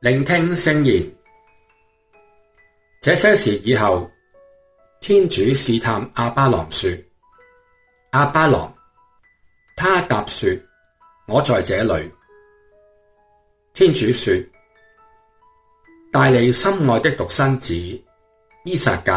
聆聽聖言，這些事以後，天主試探亞巴郎說：亞巴郎，他答說：我在這裏。天主說：帶你心愛的獨生子依撒格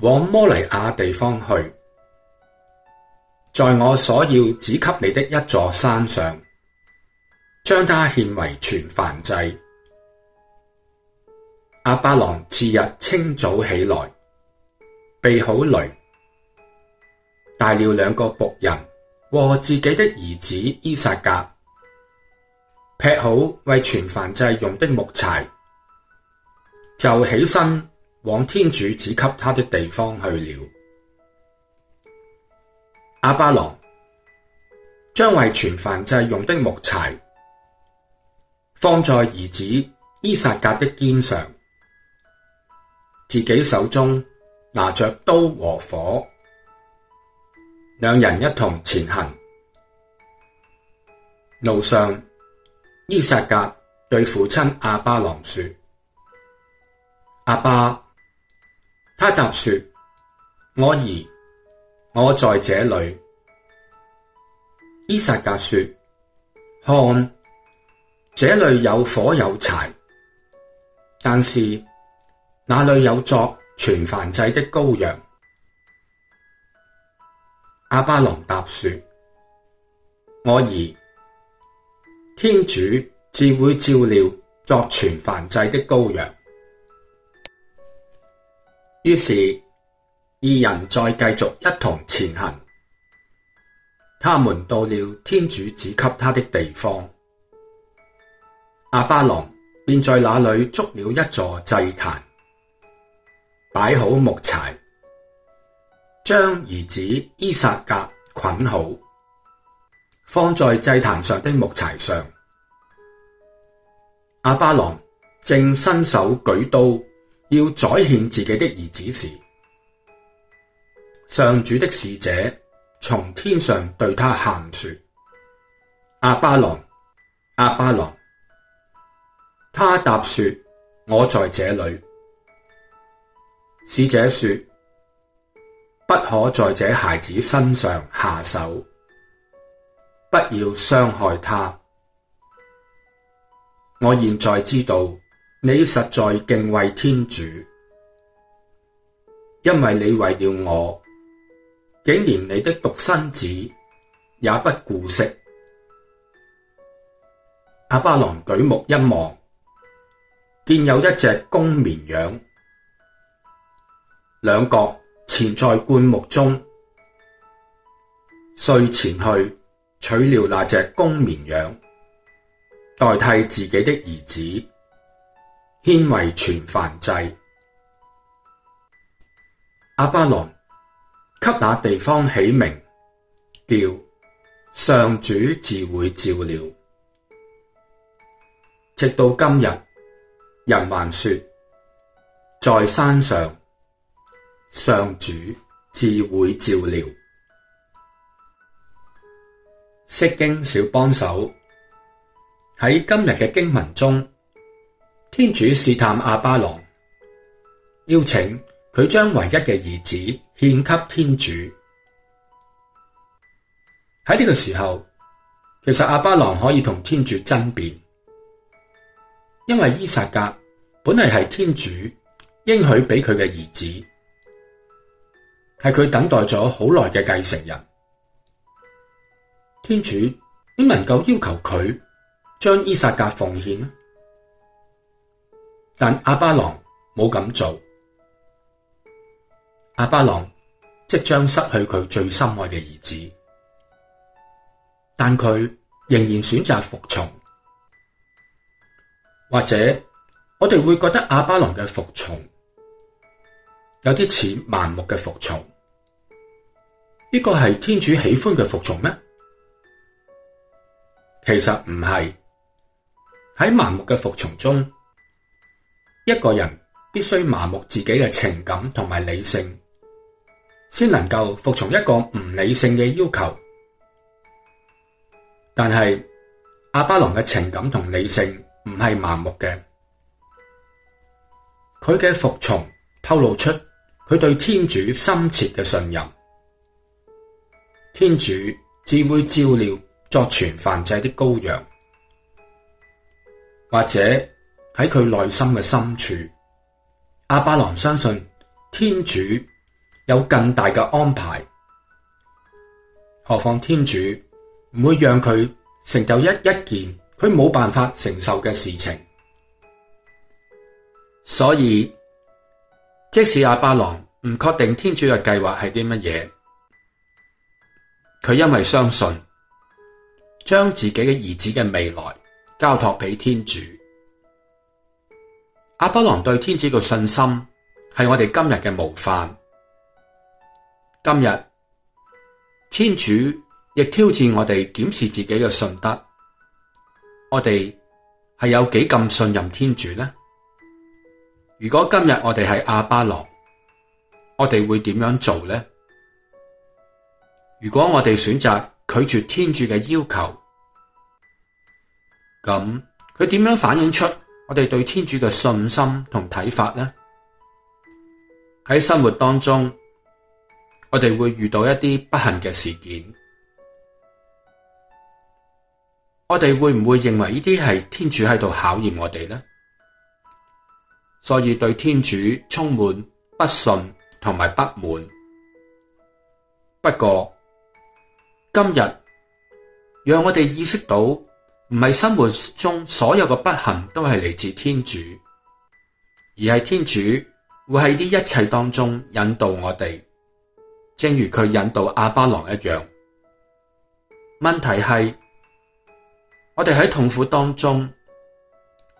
往摩黎雅地方去，在我所要指給你的一座山上，將他獻為全燔祭。亞巴郎次日清早起來，備好驢，帶了兩個僕人和自己的兒子依撒格，劈好為全燔祭用的木柴，就起身往天主指給他的地方去了。亞巴郎將為全燔祭用的木柴放在兒子依撒格的肩上。自己手中拿着刀和火，兩人一同前行。路上，依撒格對父親亞巴郎說：阿爸，他答說：我兒，我在這裏。依撒格說：看，這裏有火有柴，但是，那裏有作全燔祭的羔羊，亞巴郎答說：我兒，天主自會照料作全燔祭的羔羊。於是二人再繼續一同前行。他們到了天主指給他的地方，亞巴郎便在那裏築了一座祭壇。擺好木柴，將兒子依撒格捆好，放在祭壇上的木柴上。亞巴郎正伸手舉刀要宰獻自己的兒子時，上主的使者從天上對他喊說：亞巴郎，亞巴郎！他答說：我在這裏。使者說：不可在這孩子身上下手，不要傷害他。我現在知道你實在敬畏天主，因為你為了我，竟然你的獨生子也不顧惜。亞巴郎舉目一望，見有一隻公綿羊。兩角纏在灌木中，遂前去取了那隻公綿羊，代替自己的兒子，獻為全燔祭。亞巴郎給那地方起名叫上主自會照料，直到今日，人還說在山上。上主自會照料。釋經小幫手，喺今日嘅經文中，天主試探亞巴郎，邀請佢將唯一嘅兒子獻給天主。喺呢個時候，其實亞巴郎可以同天主爭辯，因為依撒格本嚟係天主應許俾佢嘅兒子。係佢等待咗好耐嘅繼承人，天主，點能夠要求佢將伊撒格奉獻？但阿巴郎冇咁做，阿巴郎即將失去佢最心愛嘅兒子，但佢仍然選擇服從。或者我哋會覺得阿巴郎嘅服從有啲似盲目嘅服從。呢個係天主喜歡嘅服從咩？其實唔係。喺盲目嘅服從中，一個人必須麻木自己嘅情感同埋理性，先能夠服從一個唔理性嘅要求。但係亞巴郎嘅情感同理性唔係麻木嘅，佢嘅服從透露出佢對天主深切嘅信任。天主自會照料作全燔祭的羔羊，或者喺佢內心嘅深處，亞巴郎相信天主有更大嘅安排。何況天主唔會讓佢成就一一件佢冇辦法承受嘅事情。所以，即使亞巴郎唔確定天主嘅計劃係啲乜嘢。佢因為相信，將自己嘅兒子嘅未來交託俾天主。亞巴郎對天主嘅信心係我哋今日嘅模範。今日天主亦挑戰我哋檢視自己嘅信德。我哋係有幾咁信任天主呢？如果今日我哋係亞巴郎，我哋會點樣做呢？如果我哋選擇拒絕天主嘅要求，咁佢點樣反映出我哋對天主嘅信心同睇法呢？喺生活當中，我哋會遇到一啲不幸嘅事件，我哋會唔會認為呢啲係天主喺度考驗我哋呢？所以對天主充滿不信同埋不滿。不過，今日讓我哋意識到，唔係生活中所有嘅不幸都係嚟自天主，而係天主會喺呢一切當中引導我哋，正如佢引導亞巴郎一樣。問題係，我哋喺痛苦當中，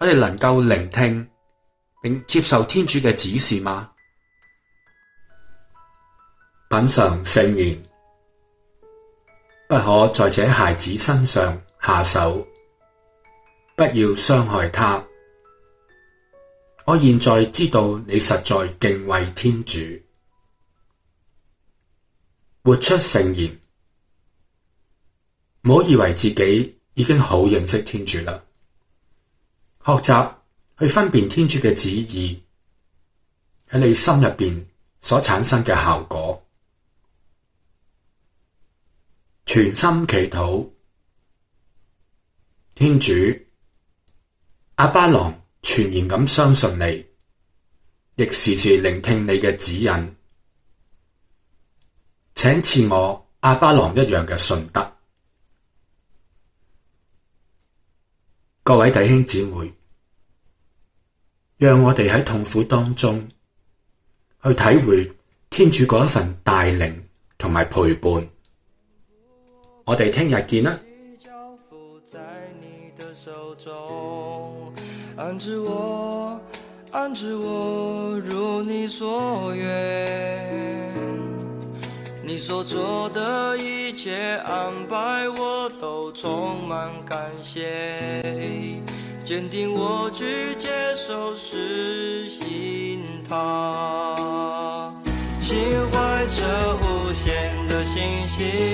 我哋能夠聆聽並接受天主嘅指示嗎？品嘗聖言。不可在這孩子身上下手，不要傷害他！我現在知道你實在敬畏天主，活出聖言。唔好以為自己已經好認識天主啦，學習去分辨天主嘅旨意喺你心入邊所產生嘅效果。全心祈禱，天主，亞巴郎全然咁相信你，亦時時聆聽你嘅指引，請賜我亞巴郎一樣嘅信德。各位弟兄姊妹，讓我哋喺痛苦當中去體會天主嗰一份帶領同埋陪伴。我哋聽日見啦。